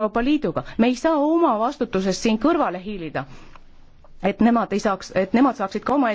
Euroopa Liiduga, me ei saa oma vastutusest siin kõrvale hiilida, et nemad ei saaks, et nemad saaksid ka oma eest